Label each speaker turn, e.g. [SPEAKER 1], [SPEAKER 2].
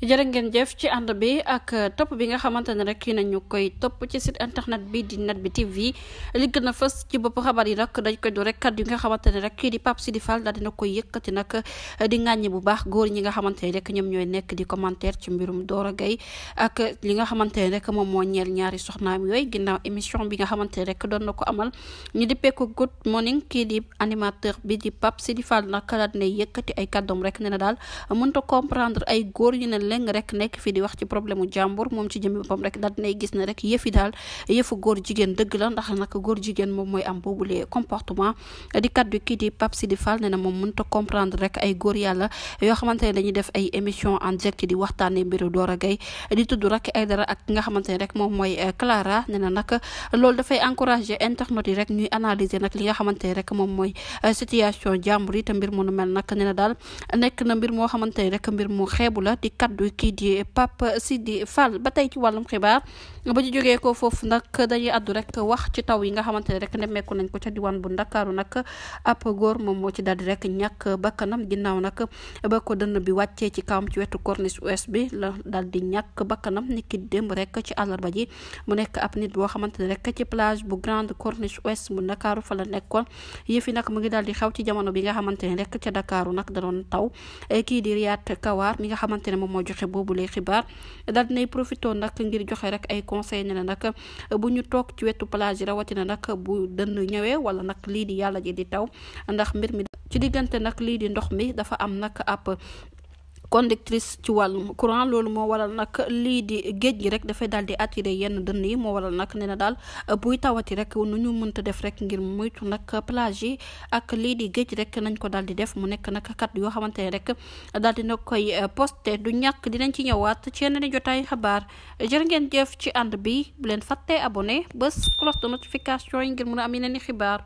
[SPEAKER 1] jërë ngeen jëf ci ànd bi ak euh, topp bi nga xamante ne rek yi nañu koy topp ci site internet bi di net bi TV li a fës ci bopp xabar yi nag dañ koy do rek kàddu yi nga xamante ne rek kii di pap Sidi Fall daal dina koy yëkkati nag euh, di ŋàññi bu baax góor ñi nga xamante ne rek ñoom ñooy nekk di commentaire ci mbirum Dora Gueye ak li nga xamante ne rek moom moo ñeel ñaari soxnaam yooyu ginnaaw émission bi nga xamante ne rek doon na ko amal ñu dippee ko good morning kii di animateur bi di Pape Sidi Fall nag daal dina yëkkati ay kàddoom rek ne na daal mënta comprendre ay góor ñu ne leng rek nekk fi di wax ci problème u jàmbur moom ci jëmmi boppam rek daal dinay gis ne rek yëfi daal yëfu góor jigéen dëgg la ndax nag di kaddu kii di Pape Sidi Fall ne na moom mënut a comprendre rek ay góor yàlla ne dañuy def ay émission en direct di waxtaanee mbiru Dora Gaye di tudd rek ay dara nga xamante ne rek moom mooy eh, Clara ne na nag loolu dafay encourager internautes yi rek ñuy analyser nag li nga xamante ne rek moom mooy eh, situation jàmbur yi te mbir mu nu mel nag ne na daal nekk na mbir moo xamante ne rek mbir mu xeebu la di kaddu kaddu kii di Pape Sidi Fall ba tey ci wàllum xibaar ba ñu jógee ko foofu nag dañuy àddu rek wax ci taw yi nga xamante ne rek nemmeeku nañ ko ca diwaan bu ndakaaru nag ab góor moom moo ci daal di rek ñàkk bakkanam ginnaaw nag ba ko dënn bi wàccee ci kawam ci wetu corniche ouest bi la daal di ñàkk bakkanam ni ki démb rek ci àllarba ji mu nekk ab nit boo xamante ne rek ci plage bu grande corniche ouest bu ndakaaru fa la nekkoon yëf nag mu ngi daal di xew ci jamono bi nga xamante ne rek ca ndakaaru nag da doon taw kii di Kawar mi nga xamante ne joxe boobu lay xibaar daal dinay profitoo nag ngir joxe rek ay conseil ne na nag bu ñu toog ci wetu plage rawatina nag bu dënn ñëwee wala nag lii di yàlla ji di taw ndax mbir mi ci diggante nag lii di ndox mi dafa am nag ab conductrice ci wàllum courant loolu moo wala nag lii di géej gi rek dafay daal di attiré yenn dënn yi moo waral nag nee na daal buy tawati rek nu ñu mënta def rek ngir moytu nag plage yi ak lii di géej rek nañ ko daal di def mu nekk nag kat yoo xamante ne rek daal di na koy posté du ñàkk dinañ ci ñëwaat ci yeneen i jotaay xabaar jërë ngeen jëf ci ànd bi bu leen fàttee abonné bés cloche de notification yi ngir mun a am yeneen i xibaar.